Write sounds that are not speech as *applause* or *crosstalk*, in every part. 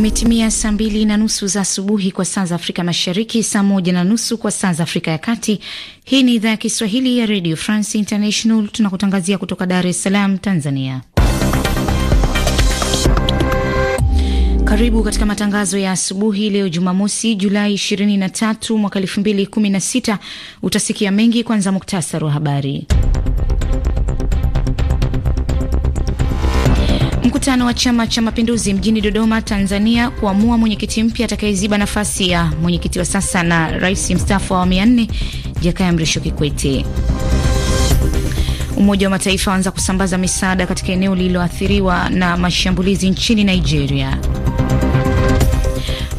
Imetimia saa mbili na nusu za asubuhi kwa saa za Afrika Mashariki, saa moja na nusu kwa saa za Afrika ya Kati. Hii ni idhaa ya Kiswahili ya Radio France International, tunakutangazia kutoka Dar es Salaam, Tanzania. Karibu katika matangazo ya asubuhi leo Jumamosi, Julai 23 mwaka 2016. Utasikia mengi, kwanza muktasari wa habari. Mkutano wa Chama cha Mapinduzi mjini Dodoma, Tanzania, kuamua mwenyekiti mpya atakayeziba nafasi ya mwenyekiti wa sasa na rais mstaafu wa awamu ya nne Jakaya Mrisho Kikwete. Umoja wa Mataifa waanza kusambaza misaada katika eneo lililoathiriwa na mashambulizi nchini Nigeria.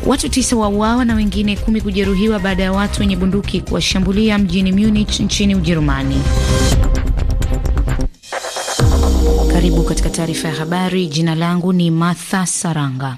Watu tisa wauawa na wengine kumi kujeruhiwa baada ya watu wenye bunduki kuwashambulia mjini Munich nchini Ujerumani. Karibu katika taarifa ya habari. Jina langu ni Martha Saranga.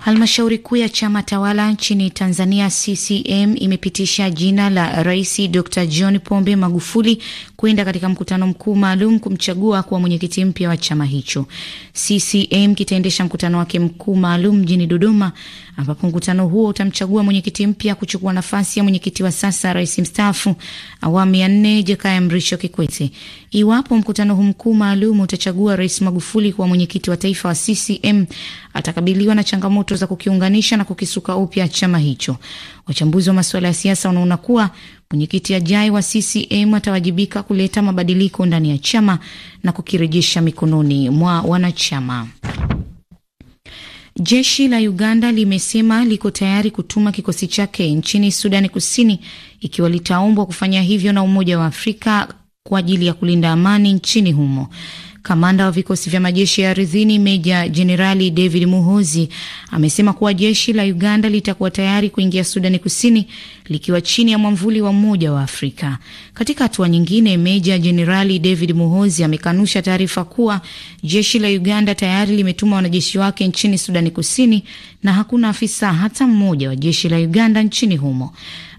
Halmashauri kuu ya chama tawala nchini Tanzania, CCM, imepitisha jina la Rais Dr John Pombe Magufuli kwenda katika mkutano mkuu maalum kumchagua kuwa mwenyekiti mpya wa chama hicho. CCM kitaendesha mkutano wake mkuu maalum mjini Dodoma, ambapo mkutano huo utamchagua mwenyekiti mpya kuchukua nafasi ya mwenyekiti wa sasa, rais mstaafu awamu ya nne, Jakaya Mrisho Kikwete. Iwapo mkutano huu mkuu maalum utachagua Rais Magufuli kuwa mwenyekiti wa taifa wa CCM, atakabiliwa na changamoto za kukiunganisha na kukisuka upya chama hicho. Wachambuzi wa masuala ya siasa wanaona kuwa mwenyekiti ajai wa CCM atawajibika kuleta mabadiliko ndani ya chama na kukirejesha mikononi mwa wanachama. Jeshi la Uganda limesema liko tayari kutuma kikosi chake nchini Sudani Kusini ikiwa litaombwa kufanya hivyo na Umoja wa Afrika kwa ajili ya kulinda amani nchini humo. Kamanda wa vikosi vya majeshi ya ardhini Meja Jenerali David Muhozi amesema kuwa jeshi la Uganda litakuwa tayari kuingia Sudani Kusini likiwa chini ya mwamvuli wa Umoja wa Afrika. Katika hatua nyingine, Meja Jenerali David Muhozi amekanusha taarifa kuwa jeshi la Uganda tayari limetuma wanajeshi wake nchini Sudani Kusini na hakuna afisa hata mmoja wa jeshi la Uganda nchini humo.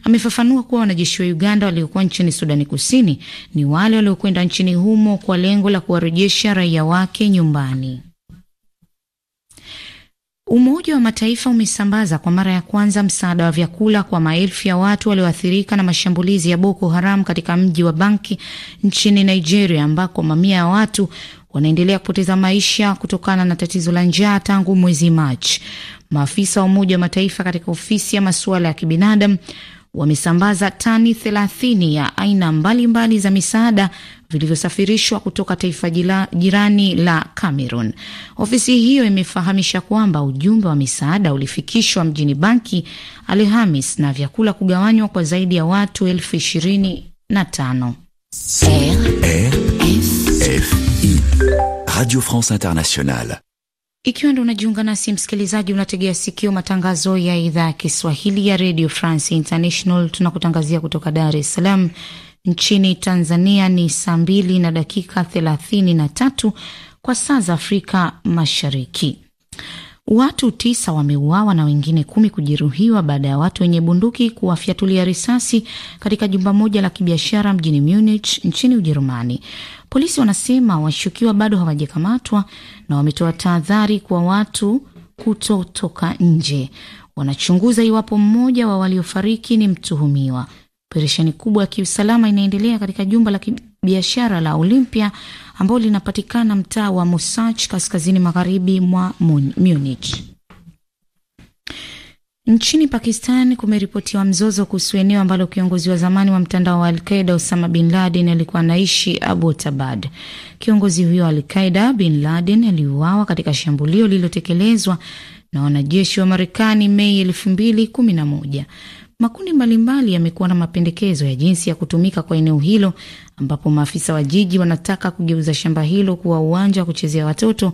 Amefafanua kuwa wanajeshi wa Uganda waliokuwa nchini Sudani Kusini ni wale waliokwenda nchini humo kwa lengo la kuwarejesha raia wake nyumbani. Umoja wa Mataifa umesambaza kwa mara ya kwanza msaada wa vyakula kwa maelfu ya watu walioathirika na mashambulizi ya Boko Haram katika mji wa Banki nchini Nigeria, ambako mamia ya watu wanaendelea kupoteza maisha kutokana na tatizo la njaa tangu mwezi Machi. Maafisa wa Umoja wa Mataifa katika ofisi ya masuala ya kibinadamu wamesambaza tani 30 ya aina mbalimbali mbali za misaada vilivyosafirishwa kutoka taifa jila, jirani la Cameroon. Ofisi hiyo imefahamisha kwamba ujumbe wa misaada ulifikishwa mjini Banki Alhamis na vyakula kugawanywa kwa zaidi ya watu elfu ishirini na tano. Radio France Internationale. Ikiwa ndo unajiunga nasi msikilizaji, unategea sikio matangazo ya idhaa ya Kiswahili ya Radio France International. Tunakutangazia kutoka Dar es Salaam nchini Tanzania. Ni saa mbili na dakika thelathini na tatu kwa saa za Afrika Mashariki. Watu tisa wameuawa na wengine kumi kujeruhiwa baada ya watu wenye bunduki kuwafyatulia risasi katika jumba moja la kibiashara mjini Munich nchini Ujerumani. Polisi wanasema washukiwa bado hawajakamatwa na wametoa tahadhari kwa watu kutotoka nje. Wanachunguza iwapo mmoja wa waliofariki ni mtuhumiwa. Operesheni kubwa ya kiusalama inaendelea katika jumba la kibiashara la Olympia ambalo linapatikana mtaa wa Musach kaskazini magharibi mwa Munich. Nchini Pakistan kumeripotiwa mzozo kuhusu eneo ambalo kiongozi wa zamani wa mtandao wa Alqaida Osama Bin Laden alikuwa anaishi, Tabad. Kiongozi huyo wa Alqaida Bin Laden aliuawa katika shambulio lililotekelezwa na wanajeshi wa Marekani Mei elfu mbili kumi na moja. Makundi mbalimbali yamekuwa na mapendekezo ya jinsi ya kutumika kwa eneo hilo, ambapo maafisa wa jiji wanataka kugeuza shamba hilo kuwa uwanja wa kuchezea watoto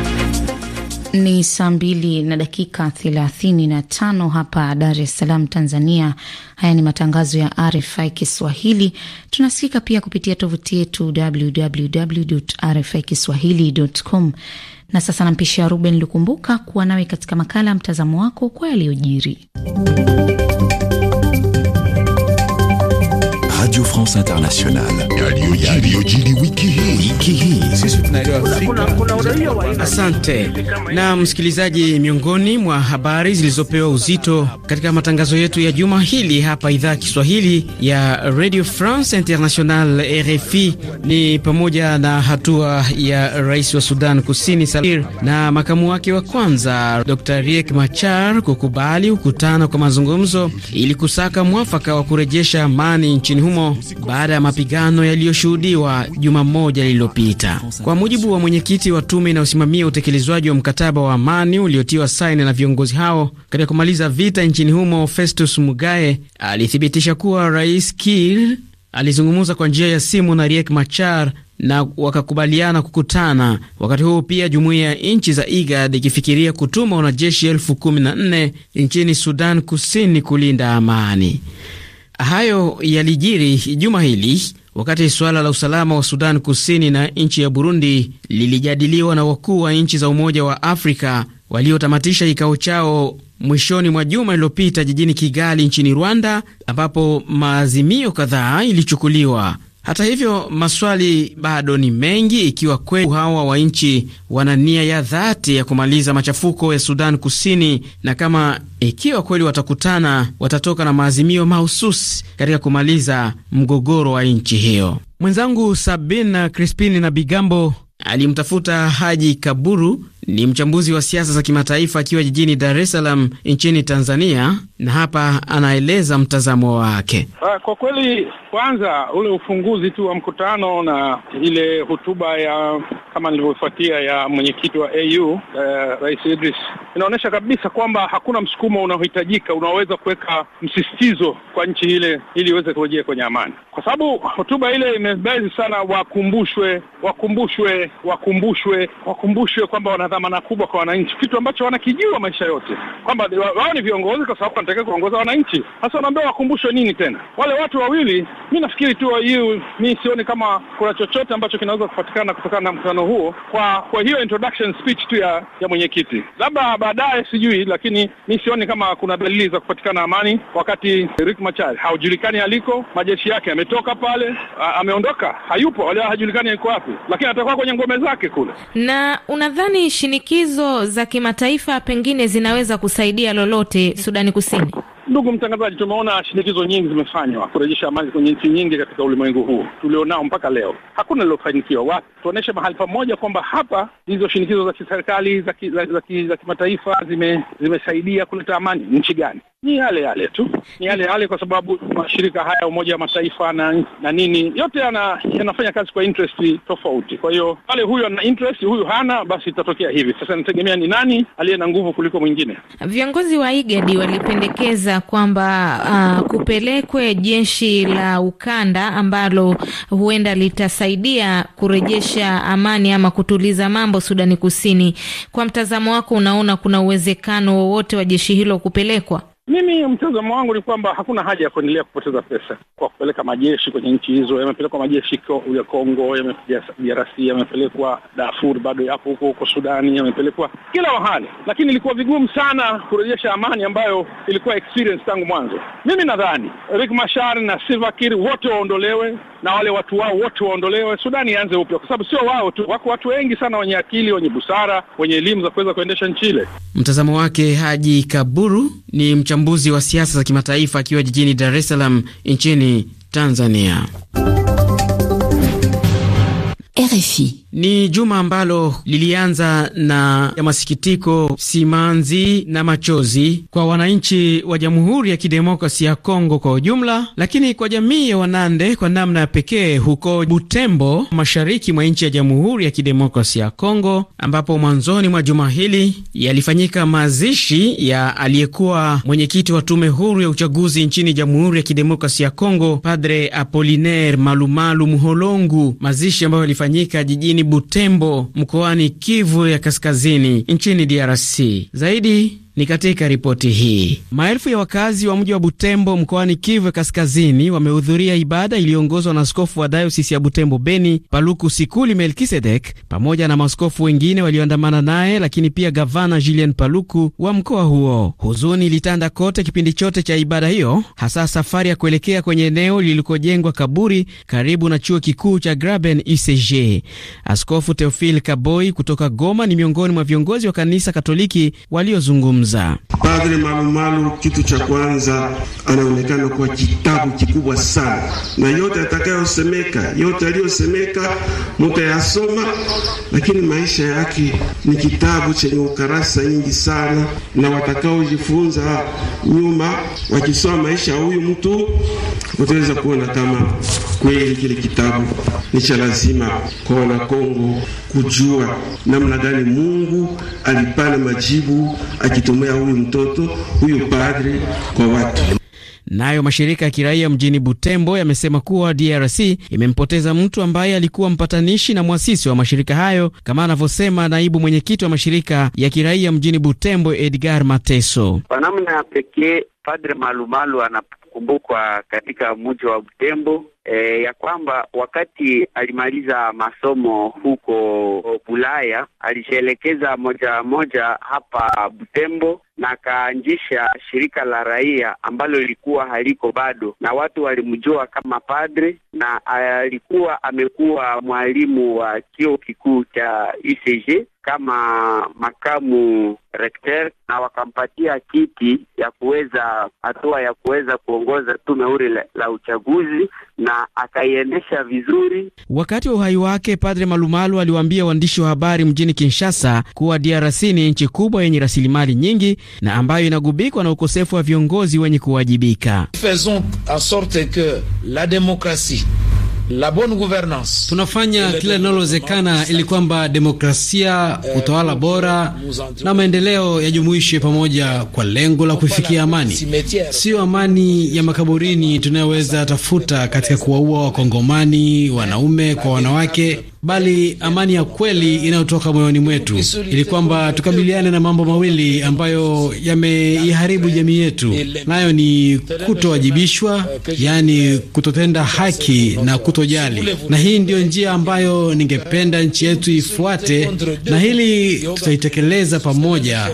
Ni saa mbili na dakika 35 hapa Dar es Salaam, Tanzania. Haya ni matangazo ya RFI Kiswahili. Tunasikika pia kupitia tovuti yetu www RFI kiswahilicom. Na sasa nampisha Ruben Lukumbuka kuwa nawe katika makala ya mtazamo wako kwa yaliyojiri Radio France Internationale. Wiki Sisi tunaelewa Afrika. Asante. Na msikilizaji, miongoni mwa habari zilizopewa uzito katika matangazo yetu ya juma hili hapa idhaa Kiswahili ya Radio France Internationale RFI ni pamoja na hatua ya Rais wa Sudan Kusini Salir na makamu wake wa kwanza Dr. Riek Machar kukubali kukutana kwa mazungumzo ili kusaka mwafaka wa kurejesha amani nchini humo baada ya mapigano yaliyoshuhudiwa juma moja lililopita. Kwa mujibu wa mwenyekiti wa tume inayosimamia utekelezwaji wa mkataba wa amani uliotiwa saini na viongozi hao katika kumaliza vita nchini humo, Festus Mugae alithibitisha kuwa Rais Kiir alizungumza kwa njia ya simu na Riek Machar na wakakubaliana kukutana. Wakati huo pia, jumuiya ya nchi za IGAD ikifikiria kutuma wanajeshi elfu kumi na nne nchini Sudan Kusini kulinda amani. Hayo yalijiri juma hili wakati suala la usalama wa Sudan Kusini na nchi ya Burundi lilijadiliwa na wakuu wa nchi za Umoja wa Afrika waliotamatisha kikao chao mwishoni mwa juma lililopita jijini Kigali nchini Rwanda, ambapo maazimio kadhaa ilichukuliwa. Hata hivyo maswali bado ni mengi, ikiwa kweli hawa wa nchi wana nia ya dhati ya kumaliza machafuko ya Sudan Kusini, na kama ikiwa kweli watakutana, watatoka na maazimio mahususi katika kumaliza mgogoro wa nchi hiyo. Mwenzangu Sabina Crispini na Bigambo alimtafuta Haji Kaburu, ni mchambuzi wa siasa za kimataifa akiwa jijini Dar es Salaam nchini Tanzania, na hapa anaeleza mtazamo wake. Ah, kwa kweli kwanza ule ufunguzi tu wa mkutano na ile hotuba ya kama nilivyofuatia ya mwenyekiti wa AU uh, eh, Rais Idris inaonyesha kabisa kwamba hakuna msukumo unaohitajika unaoweza kuweka msisitizo kwa nchi ile ili iweze kurejea kwenye amani, kwa sababu hotuba ile imebezi sana, wakumbushwe, wakumbushwe, wakumbushwe, wakumbushwe kwamba wana dhamana kubwa kwa wananchi, kitu ambacho wanakijua maisha yote kwamba wao ni viongozi, kwa sababu wanatakiwa kuongoza wananchi. Sasa wanaambia wakumbushwe nini tena? Wale watu wawili Mi nafikiri tu hiyo, mi sioni kama kuna chochote ambacho kinaweza kupatikana kutokana na mkutano huo, kwa kwa hiyo introduction speech tu ya ya mwenyekiti, labda baadaye, sijui, lakini mi sioni kama kuna dalili za kupatikana amani, wakati rik Machar haujulikani aliko, majeshi yake ametoka pale, ameondoka, hayupo, wala hajulikani yuko wapi, lakini atakuwa kwenye ngome zake kule. Na unadhani shinikizo za kimataifa pengine zinaweza kusaidia lolote Sudani Kusini? Ndugu mtangazaji, tumeona shinikizo nyingi zimefanywa kurejesha amani kwenye nchi nyingi katika ulimwengu huu tulionao mpaka leo, hakuna lilofanikiwa. Watu tuonyeshe mahali pamoja kwamba hapa hizo shinikizo za kiserikali za kimataifa ki, ki zime, zimesaidia kuleta amani nchi gani? Ni yale yale tu, ni yale yale, kwa sababu mashirika haya Umoja wa Mataifa na, na nini yote yanafanya kazi kwa interest tofauti. Kwa hiyo pale huyu ana interest, huyu hana, basi itatokea hivi. Sasa inategemea ni nani aliye na nguvu kuliko mwingine. Viongozi wa IGAD walipendekeza kwamba uh, kupelekwe jeshi la ukanda ambalo huenda litasaidia kurejesha amani ama kutuliza mambo Sudani Kusini. Kwa mtazamo wako, unaona kuna uwezekano wowote wa jeshi hilo kupelekwa? Mimi mtazamo wangu ni kwamba hakuna haja ya kuendelea kupoteza pesa kwa kupeleka majeshi kwenye nchi hizo. Yamepelekwa majeshi ya Kongo, DRC yamepelekwa Darfur, bado yapo huko huko Sudani, yamepelekwa kila mahali, lakini ilikuwa vigumu sana kurejesha amani ambayo ilikuwa experience tangu mwanzo. Mimi nadhani rik mashar na Salva Kiir wote waondolewe na wale watu wao wote waondolewe, Sudani ianze upya, kwa sababu sio wao tu, wako watu wengi sana wenye akili, wenye busara, wenye elimu za kuweza kuendesha nchi ile. Mtazamo wake Haji Kaburu ni mchambuzi wa siasa za kimataifa akiwa jijini Dar es Salaam nchini Tanzania. RFI ni juma ambalo lilianza na ya masikitiko, simanzi na machozi kwa wananchi wa Jamhuri ya Kidemokrasi ya Kongo kwa ujumla, lakini kwa jamii ya Wanande kwa namna ya pekee huko Butembo, mashariki mwa nchi ya Jamhuri ya Kidemokrasi ya Kongo, ambapo mwanzoni mwa juma hili yalifanyika mazishi ya aliyekuwa mwenyekiti wa tume huru ya uchaguzi nchini Jamhuri ya Kidemokrasi ya Kongo, Padre Apolinaire Malumalu Mholongu, mazishi ambayo yalifanyika jijini Butembo mkoani Kivu ya Kaskazini nchini DRC. Zaidi ni katika ripoti hii. Maelfu ya wakazi wa mji wa Butembo mkoani Kivu Kaskazini wamehudhuria ibada iliyoongozwa na askofu wa dayosisi ya Butembo Beni, Paluku Sikuli Melkisedek, pamoja na maskofu wengine walioandamana naye, lakini pia gavana Julien Paluku wa mkoa huo. Huzuni ilitanda kote kipindi chote cha ibada hiyo, hasa safari ya kuelekea kwenye eneo lilikojengwa kaburi karibu na chuo kikuu cha Graben ICG. Askofu Teofil Kaboi kutoka Goma ni miongoni mwa viongozi wa kanisa Katoliki waliozungumza kujifunza. Padre Malumalu, kitu cha kwanza, anaonekana kuwa kitabu kikubwa sana, na yote atakayosemeka, yote aliyosemeka mutayasoma, lakini maisha yake ni kitabu chenye ukarasa nyingi sana, na watakaojifunza nyuma wakisoma maisha huyu mtu wataweza kuona kama kweli kile kitabu ni cha lazima kwa Wanakongo kujua namna gani Mungu alipana majibu akitomea huyu mtoto huyu padri kwa watu. Nayo mashirika ya kiraia mjini Butembo yamesema kuwa DRC imempoteza mtu ambaye alikuwa mpatanishi na mwasisi wa mashirika hayo, kama anavyosema naibu mwenyekiti wa mashirika ya kiraia mjini Butembo, Edgar Mateso. Kwa namna ya pekee Padre Malumalu ana kukumbukwa katika mji wa Butembo e, ya kwamba wakati alimaliza masomo huko Bulaya alijielekeza moja moja hapa Butembo na akaanzisha shirika la raia ambalo lilikuwa haliko bado, na watu walimjua kama padre, na alikuwa amekuwa mwalimu wa kio kikuu cha UCG kama makamu rekter na wakampatia kiti ya kuweza hatua ya kuweza kuongoza tume huru la, la uchaguzi na akaiendesha vizuri. Wakati wa uhai wake, Padre Malumalu aliwaambia waandishi wa habari mjini Kinshasa kuwa DRC ni nchi kubwa yenye rasilimali nyingi na ambayo inagubikwa na ukosefu wa viongozi wenye kuwajibika. La bonne gouvernance. Tunafanya kila linalowezekana ili kwamba demokrasia, eh, utawala bora na maendeleo yajumuishe pamoja kwa lengo la kuifikia amani. Siyo amani ya makaburini tunayoweza tafuta katika kuwaua Wakongomani wanaume kwa wanawake bali amani ya kweli inayotoka moyoni mwetu, ili kwamba tukabiliane na mambo mawili ambayo yameiharibu jamii yetu, nayo ni kutowajibishwa, yaani kutotenda haki na kutojali. Na hii ndiyo njia ambayo ningependa nchi yetu ifuate, na hili tutaitekeleza pamoja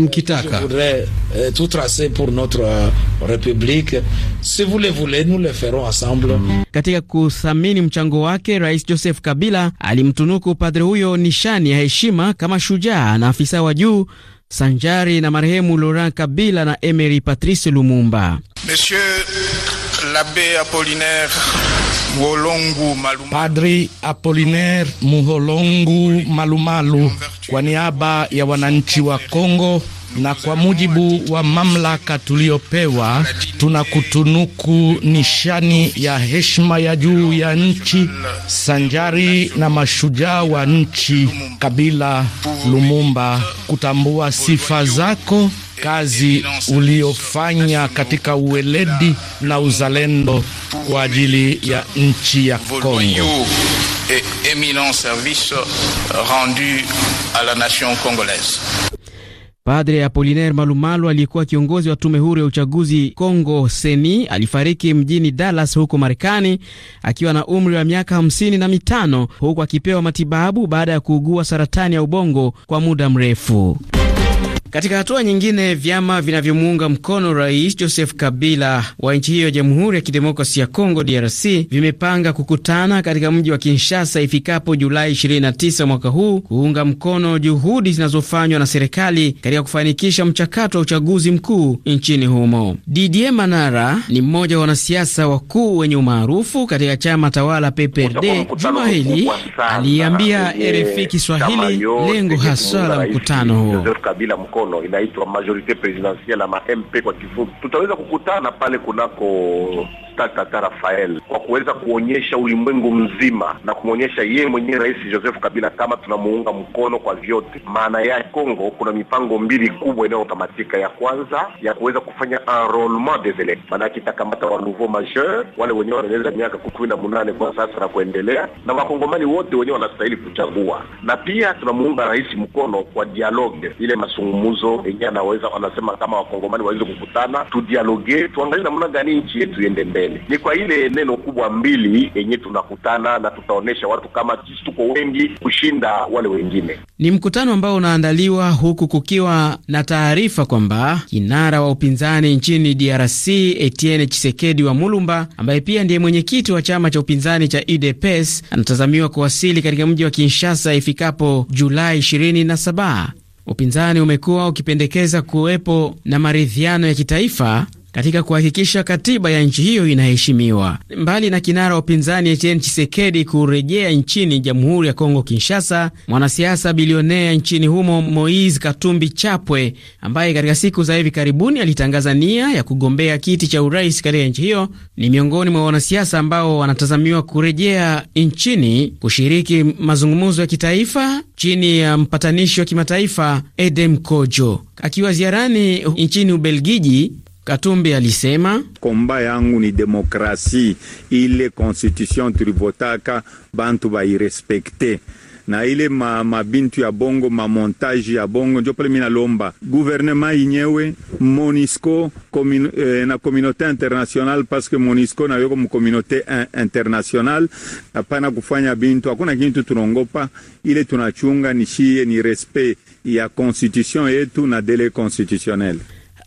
mkitaka. Je voudrais, eh, tout tracer pour notre, uh, republique. Si vous le voulez, nous le ferons ensemble. Katika kuthamini mchango wake, Rais Joseph Kabila alimtunuku padre huyo nishani ya heshima kama shujaa na afisa wa juu sanjari na marehemu Laurent Kabila na Emery Patrice Lumumba. Monsieur l'Abbé Apollinaire Muholongu Malumalu. Padri Apolinaire Muholongu Malumalu kwa niaba ya wananchi wa Kongo na kwa mujibu wa mamlaka tuliyopewa, tunakutunuku nishani ya heshima ya juu ya nchi sanjari na mashujaa wa nchi Kabila Lumumba, kutambua sifa zako kazi uliofanya katika uweledi na uzalendo kwa ajili ya nchi ya Kongo. Padre Apolinaire Malumalu aliyekuwa kiongozi wa tume huru ya uchaguzi Kongo Seni alifariki mjini Dallas huko Marekani akiwa na umri wa miaka hamsini na mitano huku akipewa matibabu baada ya kuugua saratani ya ubongo kwa muda mrefu. Katika hatua nyingine, vyama vinavyomuunga mkono rais Joseph Kabila wa nchi hiyo ya Jamhuri ya Kidemokrasi ya Kongo, DRC, vimepanga kukutana katika mji wa Kinshasa ifikapo Julai 29 mwaka huu kuunga mkono juhudi zinazofanywa na serikali katika kufanikisha mchakato wa uchaguzi mkuu nchini humo. Didier Manara ni mmoja wa wanasiasa wakuu wenye umaarufu katika chama tawala PPRD. Juma hili aliambia RFI Kiswahili lengo haswa la mkutano huo mkono inaitwa majorite presidentielle ama MP kwa kifupi. Tutaweza kukutana pale kunako Tata Rafael kwa kuweza kuonyesha ulimwengu mzima na kumwonyesha yeye mwenyewe Rais Joseph Kabila kama tunamuunga mkono kwa vyote. Maana ya congo kuna mipango mbili kubwa inayotamatika, ya kwanza ya kuweza kufanya enrolement des electeurs, maanake itakamata wa nouveau majeur wale wenyewe wanaeleza miaka kumi na munane kwa sasa na kuendelea, na wakongomani wote wenyewe wanastahili kuchagua, na pia tunamuunga rais mkono kwa dialogue ile mazungumzo mazungumzo yenyewe anaweza wanasema kama wakongomani waweze kukutana, tudialoge, tuangalie namna gani nchi yetu iende mbele. Ni kwa ile neno kubwa mbili yenye tunakutana na tutaonesha watu kama sisi tuko wengi kushinda wale wengine. Ni mkutano ambao unaandaliwa huku kukiwa na taarifa kwamba kinara wa upinzani nchini DRC Etienne chisekedi wa Mulumba, ambaye pia ndiye mwenyekiti wa chama cha upinzani cha UDPS, anatazamiwa kuwasili katika mji wa Kinshasa ifikapo Julai 27. Upinzani umekuwa ukipendekeza kuwepo na maridhiano ya kitaifa katika kuhakikisha katiba ya nchi hiyo inaheshimiwa. Mbali na kinara wa upinzani Etienne chisekedi kurejea nchini Jamhuri ya Kongo Kinshasa, mwanasiasa bilionea nchini humo Moise Katumbi Chapwe, ambaye katika siku za hivi karibuni alitangaza nia ya kugombea kiti cha urais katika nchi hiyo, ni miongoni mwa wanasiasa ambao wanatazamiwa kurejea nchini kushiriki mazungumzo ya kitaifa chini ya mpatanishi wa kimataifa Edem Kojo. Akiwa ziarani nchini Ubelgiji, Katumbi alisema komba yangu ni demokrasi, ile constitution tulivotaka bantu bairespekte na ile ma, mabintu ya bongo mamontaji ya bongo njo pale mina guvernema inyewe Monisco komin, eh, na komunote international paske Monisco na mukomunote international apana kufanya bintu hakuna kintu tunongopa, ile tunachunga nishie ni respect ya constitution yetu na dele constitutionnel.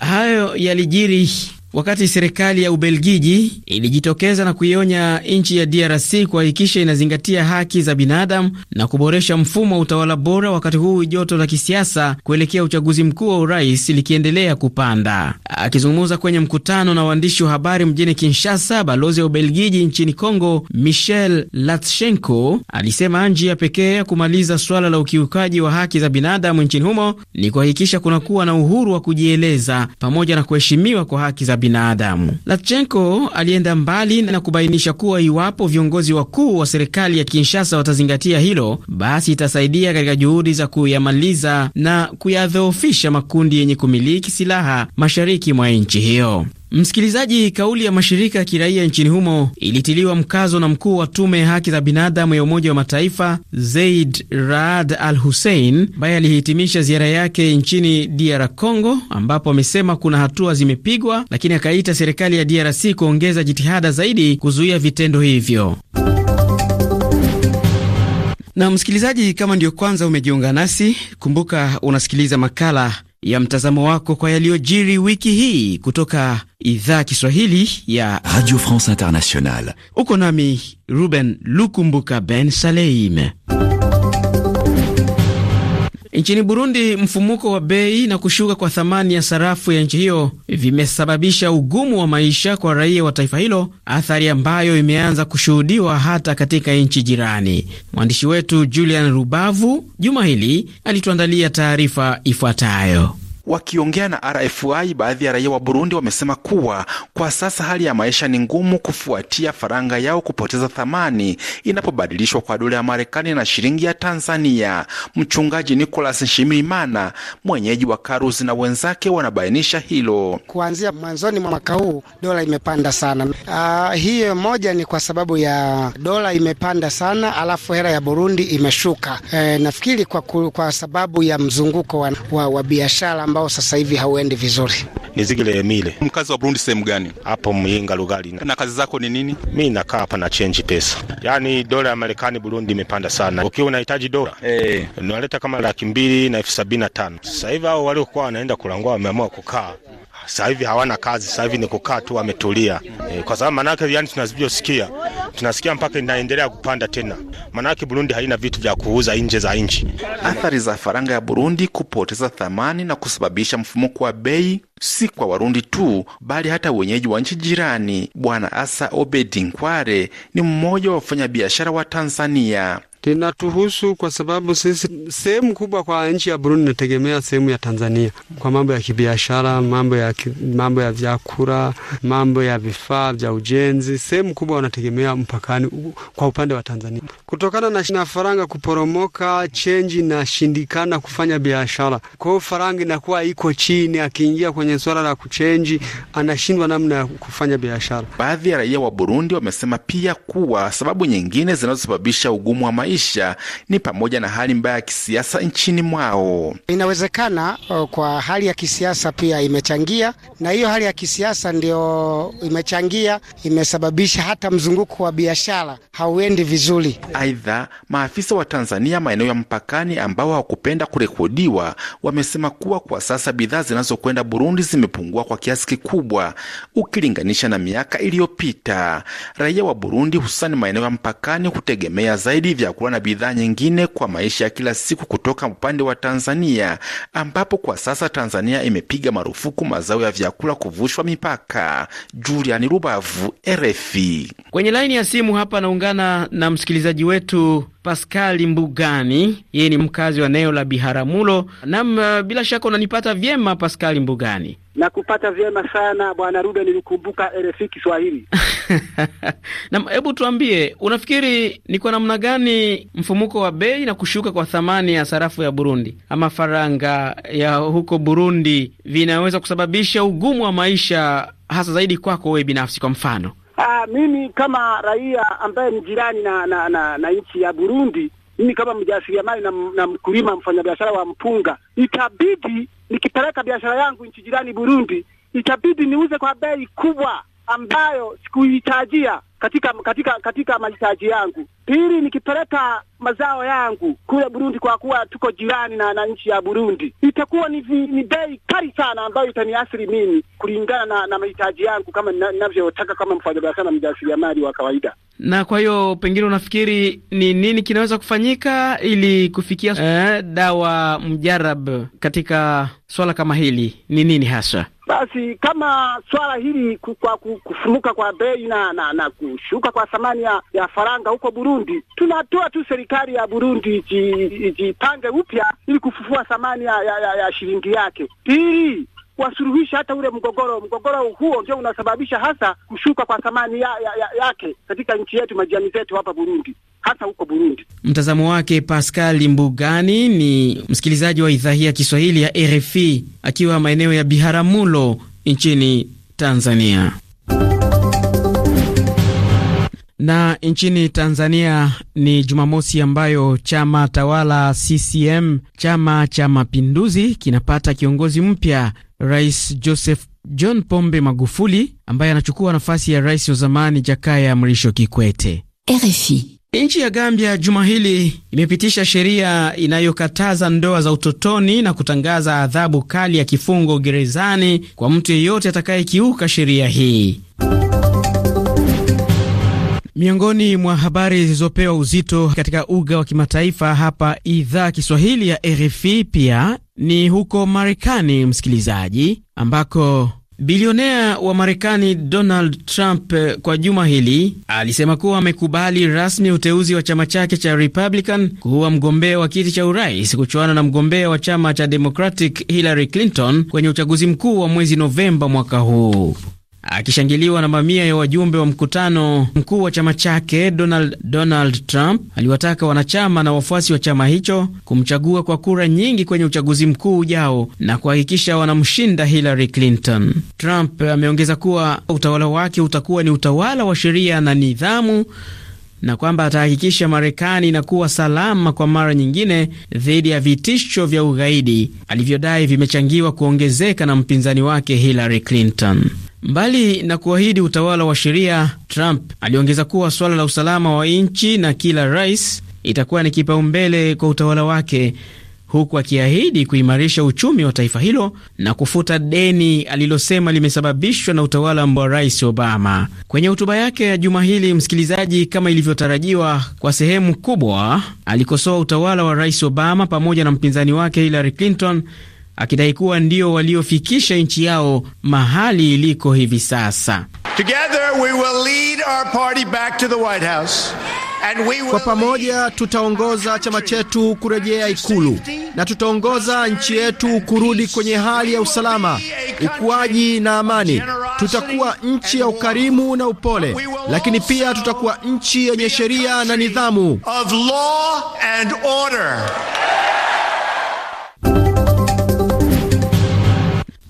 Hayo yalijiri wakati serikali ya Ubelgiji ilijitokeza na kuionya nchi ya DRC kuhakikisha inazingatia haki za binadamu na kuboresha mfumo wa utawala bora, wakati huu joto la kisiasa kuelekea uchaguzi mkuu wa urais likiendelea kupanda. Akizungumza kwenye mkutano na waandishi wa habari mjini Kinshasa, balozi wa Ubelgiji nchini Kongo Michel Latshenko alisema njia pekee ya kumaliza suala la ukiukaji wa haki za binadamu nchini humo ni kuhakikisha kunakuwa na uhuru wa kujieleza pamoja na kuheshimiwa kwa haki za binadamu. Lachenko alienda mbali na kubainisha kuwa iwapo viongozi wakuu wa serikali ya Kinshasa watazingatia hilo, basi itasaidia katika juhudi za kuyamaliza na kuyadhoofisha makundi yenye kumiliki silaha mashariki mwa nchi hiyo. Msikilizaji, kauli ya mashirika ya kiraia nchini humo ilitiliwa mkazo na mkuu wa tume ya haki za binadamu ya Umoja wa Mataifa Zaid Raad Al Hussein ambaye alihitimisha ziara yake nchini DR Congo, ambapo amesema kuna hatua zimepigwa, lakini akaita serikali ya DRC kuongeza jitihada zaidi kuzuia vitendo hivyo. Na msikilizaji, kama ndiyo kwanza umejiunga nasi, kumbuka unasikiliza makala ya mtazamo wako kwa yaliyojiri wiki hii kutoka idhaa Kiswahili ya Radio France Internationale. Uko nami Ruben Lukumbuka Ben Saleim. Nchini Burundi, mfumuko wa bei na kushuka kwa thamani ya sarafu ya nchi hiyo vimesababisha ugumu wa maisha kwa raia wa taifa hilo, athari ambayo imeanza kushuhudiwa hata katika nchi jirani. Mwandishi wetu Julian Rubavu juma hili alituandalia taarifa ifuatayo. Wakiongea na RFI, baadhi ya raia wa Burundi wamesema kuwa kwa sasa hali ya maisha ni ngumu kufuatia faranga yao kupoteza thamani inapobadilishwa kwa dola ya Marekani na shilingi ya Tanzania. Mchungaji Nicolas Nshimirimana, mwenyeji wa Karuzi, na wenzake wanabainisha hilo. Kuanzia mwanzoni mwa mwaka huu dola imepanda sana. Uh, hiyo moja ni kwa sababu ya dola imepanda sana, alafu hela ya Burundi imeshuka. E, nafikiri kwa, kwa sababu ya mzunguko wa, wa, wa biashara ambao sasa hivi hauendi vizuri. Ni zigile Emile, Mkazi wa Burundi sehemu gani? Hapo Muyinga Lugali. Na kazi zako ni nini? Mi nakaa hapa na chenji pesa, yaani dola ya Marekani Burundi imepanda sana. Ukiwa unahitaji dola hey, eh. unaleta kama laki mbili na elfu sabini na tano sasa hivi. Hao waliokuwa wanaenda kulangua wameamua kukaa sasa hivi hawana kazi, sasa hivi ni kukaa tu, wametulia e, kwa sababu manake yani tunazivyosikia tunasikia mpaka inaendelea kupanda tena, manake Burundi haina vitu vya kuuza nje za nchi. Athari za faranga ya Burundi kupoteza thamani na kusababisha mfumuko wa bei si kwa Warundi tu bali hata wenyeji wa nchi jirani. Bwana Asa Obedi Nkware ni mmoja wa wafanyabiashara wa Tanzania linatuhusu kwa sababu sisi sehemu kubwa kwa nchi ya Burundi inategemea sehemu ya Tanzania kwa mambo ya kibiashara, mambo ya mambo ya vyakula, mambo ya vifaa vya ujenzi. Sehemu kubwa wanategemea mpakani kwa upande wa Tanzania. Kutokana na shina faranga kuporomoka, chenji inashindikana kufanya biashara, kwa hiyo faranga inakuwa iko chini. Akiingia kwenye swala la kuchenji, anashindwa namna ya kufanya biashara. Baadhi ya raia wa Burundi wamesema pia kuwa sababu nyingine zinazosababisha ugumu wa maisha maisha ni pamoja na hali mbaya ya kisiasa nchini mwao. Inawezekana uh, kwa hali ya kisiasa pia imechangia, na hiyo hali ya kisiasa ndio imechangia, imesababisha hata mzunguko wa biashara hauendi vizuri. Aidha, maafisa wa Tanzania maeneo ya mpakani ambao hawakupenda kurekodiwa wamesema kuwa kwa sasa bidhaa zinazokwenda Burundi zimepungua kwa kiasi kikubwa ukilinganisha na miaka iliyopita. Raia wa Burundi hususani maeneo ya mpakani hutegemea zaidi vyakula kuwa na bidhaa nyingine kwa maisha ya kila siku kutoka upande wa Tanzania, ambapo kwa sasa Tanzania imepiga marufuku mazao ya vyakula kuvushwa mipaka. Juliani Rubavu, RFI. Kwenye laini ya simu hapa naungana na msikilizaji wetu Paskali Mbugani, yeye ni mkazi wa eneo la Biharamulo nam. Bila shaka unanipata vyema Paskali Mbugani? na kupata vyema sana Bwana Ruben, nilikumbuka RFI Kiswahili. *laughs* Na hebu tuambie, unafikiri ni kwa namna gani mfumuko wa bei na kushuka kwa thamani ya sarafu ya Burundi ama faranga ya huko Burundi vinaweza kusababisha ugumu wa maisha hasa zaidi kwako wewe binafsi, kwa mfano? Aa, ah, mimi kama raia ambaye ni jirani na, na, na, na nchi ya Burundi, mimi kama mjasiriamali na, na mkulima mfanyabiashara wa mpunga itabidi nikipeleka biashara yangu nchi jirani Burundi, itabidi niuze kwa bei kubwa ambayo sikuihitajia katika katika katika mahitaji yangu. Pili, nikipeleka mazao yangu kule Burundi, kwa kuwa tuko jirani na, na nchi ya Burundi, itakuwa ni, ni bei kali sana ambayo itaniathiri mimi kulingana na, na mahitaji yangu kama ninavyotaka kama mfanyabiashara mjasiriamali wa kawaida. Na kwa hiyo pengine unafikiri ni nini kinaweza kufanyika ili kufikia eh, dawa mjarab katika swala kama hili ni nini hasa? Basi kama swala hili kwa kufunuka kwa bei na, na, na kushuka kwa thamani ya, ya faranga huko Burundi, tunatoa tu serikali ya Burundi ijipange upya ili kufufua thamani ya, ya, ya, ya shilingi yake. ili kuwasuluhisha hata ule mgogoro. Mgogoro huo ndio unasababisha hasa kushuka kwa thamani ya, ya, ya, yake katika nchi yetu, majirani zetu hapa Burundi, hasa huko Burundi. Mtazamo wake Pascal Mbugani ni msikilizaji wa idhaa hii ya Kiswahili ya RFI akiwa maeneo ya Biharamulo nchini Tanzania. Na nchini Tanzania ni Jumamosi ambayo chama tawala CCM, Chama cha Mapinduzi, kinapata kiongozi mpya Rais Joseph John Pombe Magufuli ambaye anachukua nafasi ya rais wa zamani Jakaya Mrisho Kikwete. RFI. Nchi ya Gambia juma hili imepitisha sheria inayokataza ndoa za utotoni na kutangaza adhabu kali ya kifungo gerezani kwa mtu yeyote atakayekiuka sheria hii. Miongoni mwa habari zilizopewa uzito katika uga wa kimataifa hapa idhaa Kiswahili ya RFI pia ni huko Marekani, msikilizaji, ambako bilionea wa Marekani Donald Trump eh, kwa juma hili alisema kuwa amekubali rasmi uteuzi wa chama chake cha Republican kuwa mgombea wa kiti cha urais kuchuana na mgombea wa chama cha Democratic Hillary Clinton kwenye uchaguzi mkuu wa mwezi Novemba mwaka huu. Akishangiliwa na mamia ya wajumbe wa mkutano mkuu wa chama chake, Donald, Donald Trump aliwataka wanachama na wafuasi wa chama hicho kumchagua kwa kura nyingi kwenye uchaguzi mkuu ujao na kuhakikisha wanamshinda Hillary Clinton. Trump ameongeza kuwa utawala wake utakuwa ni utawala wa sheria na nidhamu na kwamba atahakikisha Marekani inakuwa salama kwa mara nyingine dhidi ya vitisho vya ugaidi alivyodai vimechangiwa kuongezeka na mpinzani wake Hillary Clinton. Mbali na kuahidi utawala wa sheria, Trump aliongeza kuwa suala la usalama wa nchi na kila rais itakuwa ni kipaumbele kwa utawala wake, huku akiahidi kuimarisha uchumi wa taifa hilo na kufuta deni alilosema limesababishwa na utawala wa Rais Obama. Kwenye hotuba yake ya juma hili, msikilizaji, kama ilivyotarajiwa kwa sehemu kubwa, alikosoa utawala wa Rais Obama pamoja na mpinzani wake Hillary Clinton akidai kuwa ndio waliofikisha nchi yao mahali iliko hivi sasa. Kwa pamoja tutaongoza chama chetu kurejea Ikulu na tutaongoza nchi yetu kurudi kwenye hali ya usalama, ukuaji na amani. Tutakuwa nchi ya ukarimu na upole, lakini pia tutakuwa nchi yenye sheria na nidhamu.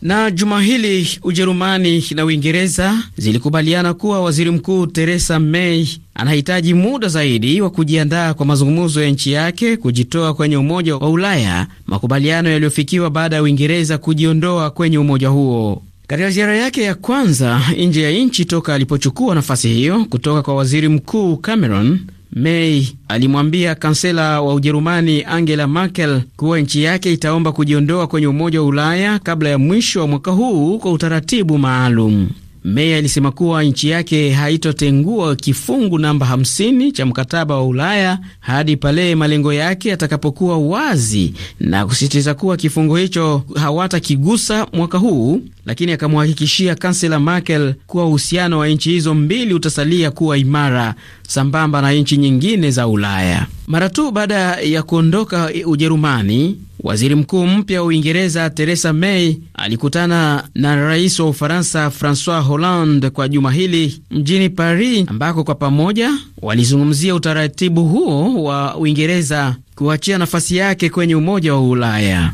Na juma hili Ujerumani na Uingereza zilikubaliana kuwa waziri mkuu Theresa May anahitaji muda zaidi wa kujiandaa kwa mazungumzo ya nchi yake kujitoa kwenye Umoja wa Ulaya, makubaliano yaliyofikiwa baada ya Uingereza kujiondoa kwenye umoja huo. Katika ziara yake ya kwanza nje ya nchi toka alipochukua nafasi hiyo kutoka kwa waziri mkuu Cameron, May alimwambia kansela wa Ujerumani Angela Merkel kuwa nchi yake itaomba kujiondoa kwenye Umoja wa Ulaya kabla ya mwisho wa mwaka huu kwa utaratibu maalum. May alisema kuwa nchi yake haitotengua kifungu namba 50 cha mkataba wa Ulaya hadi pale malengo yake yatakapokuwa wazi na kusisitiza kuwa kifungu hicho hawatakigusa mwaka huu lakini akamhakikishia kansela Merkel kuwa uhusiano wa nchi hizo mbili utasalia kuwa imara sambamba na nchi nyingine za Ulaya. Mara tu baada ya kuondoka Ujerumani, waziri mkuu mpya wa Uingereza Theresa May alikutana na rais wa Ufaransa Francois Hollande kwa juma hili mjini Paris, ambako kwa pamoja walizungumzia utaratibu huo wa Uingereza kuachia nafasi yake kwenye Umoja wa Ulaya.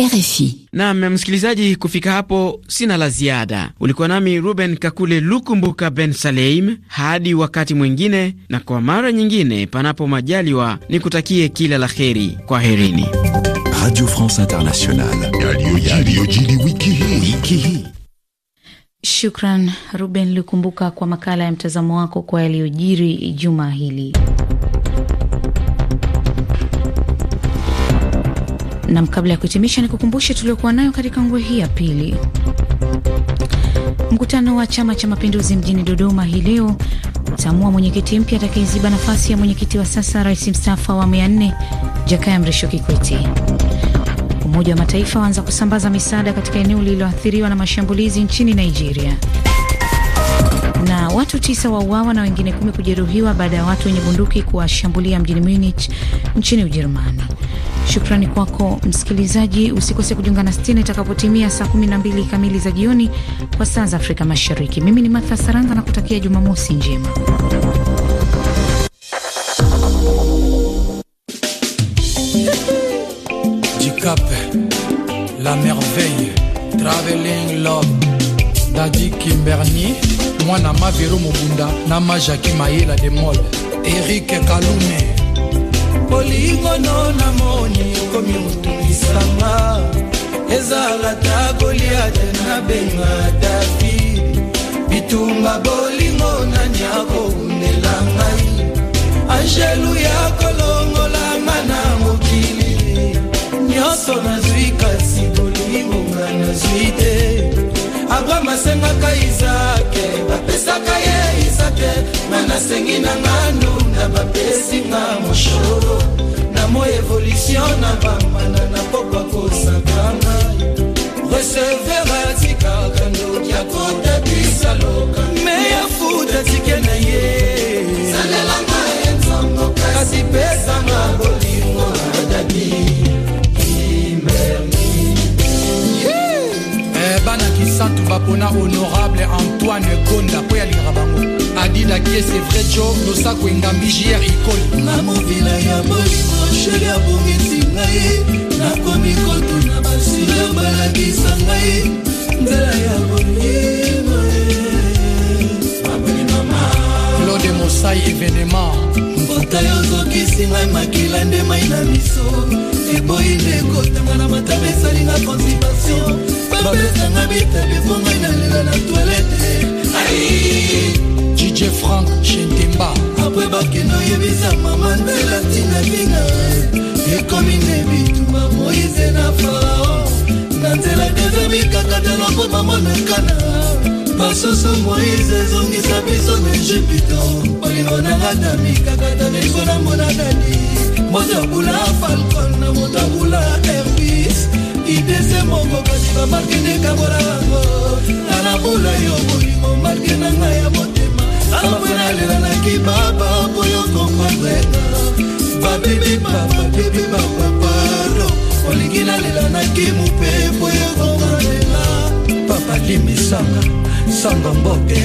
RFI. Naam, msikilizaji, kufika hapo sina la ziada. Ulikuwa nami Ruben Kakule Lukumbuka Ben Saleim, hadi wakati mwingine, na kwa mara nyingine, panapo majaliwa, nikutakie kila la heri. Kwa herini. Radio France Internationale. wiki Shukran Ruben Lukumbuka kwa makala ya mtazamo wako kwa yaliyojiri juma hili. Nam, kabla ya kuhitimisha, nikukumbushe tuliokuwa nayo katika nguo hii ya pili. Mkutano wa Chama cha Mapinduzi mjini Dodoma hii leo utaamua mwenyekiti mpya atakayeziba nafasi ya mwenyekiti wa sasa, rais mstaafu awamu ya nne Jakaya Mrisho Kikwete. Umoja wa Mataifa waanza kusambaza misaada katika eneo lililoathiriwa na mashambulizi nchini Nigeria, na watu tisa wauawa na wengine kumi kujeruhiwa baada ya watu wenye bunduki kuwashambulia mjini Munich nchini Ujerumani. Shukrani kwako msikilizaji, usikose kujiunga na stina itakapotimia saa 12 kamili za jioni kwa saa za Afrika Mashariki. Mimi ni Martha Saranga na kutakia Jumamosi njema. Jikape, la merveille, traveling love, dadi Kimberni, mwana Maviru Mubunda na Majaki Mayela de Mol, Eric Kalume kolingono namoni okomi motulisanga ezalata goliate na benga davi bitumba bolingo nani akowundela ngai angelu ya kolongolanga na mokili nyonso nazwi kasi bolingo nga nazwi te abraham asengaka izake bapesaka ye izake nga nasengi na nganu na bapesinga moshoro na mo evolutio na bambana na pokwa kosaka ngai resever atikaka ndoki akota bisaloka me afuta tike na ye mpona honorable antoine gonda mpo ya linga bango adila kiese vrejo losako engambi jr ikoli na movila ya bolingo sheri abongisi ngai nakomi kotuna basilo balakisa ngai nzela ya bolimo eh. claude mosai evenema mfota yozokisi ngai makila nde mai na miso eboyi nde kotanga na matama esali na constipation babelesanga bitabe bongai nalela na toilete dj frank shentemba apres bakende oyebisa mama nzela ntina bina ekomi ne bitumba moise na fao na nzela deza mikakatelo mpo mamonakana basusu moise ezongisa biso na ejipito olingo nangata mikakatano eko namonanani moto abula falcon na moto abula herbis idese moko kasi bamarke ndekabola yango nalabula yo bolingo marke na ngai ya motema ambwe nalelelaki baba po yo kompandrena babebe bababebe bapapado olingi nalelanaki mope po yo kompandrena papa limisanga sanga mbote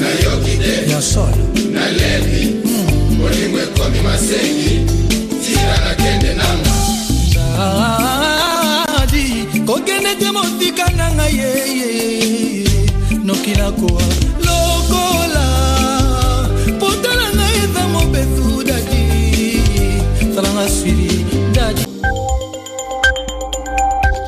nayoki ah, te ya solo nalebi bolingo hmm. ekomi masengi tira nakende namo kokende te motika na ngai yeye noki nakoa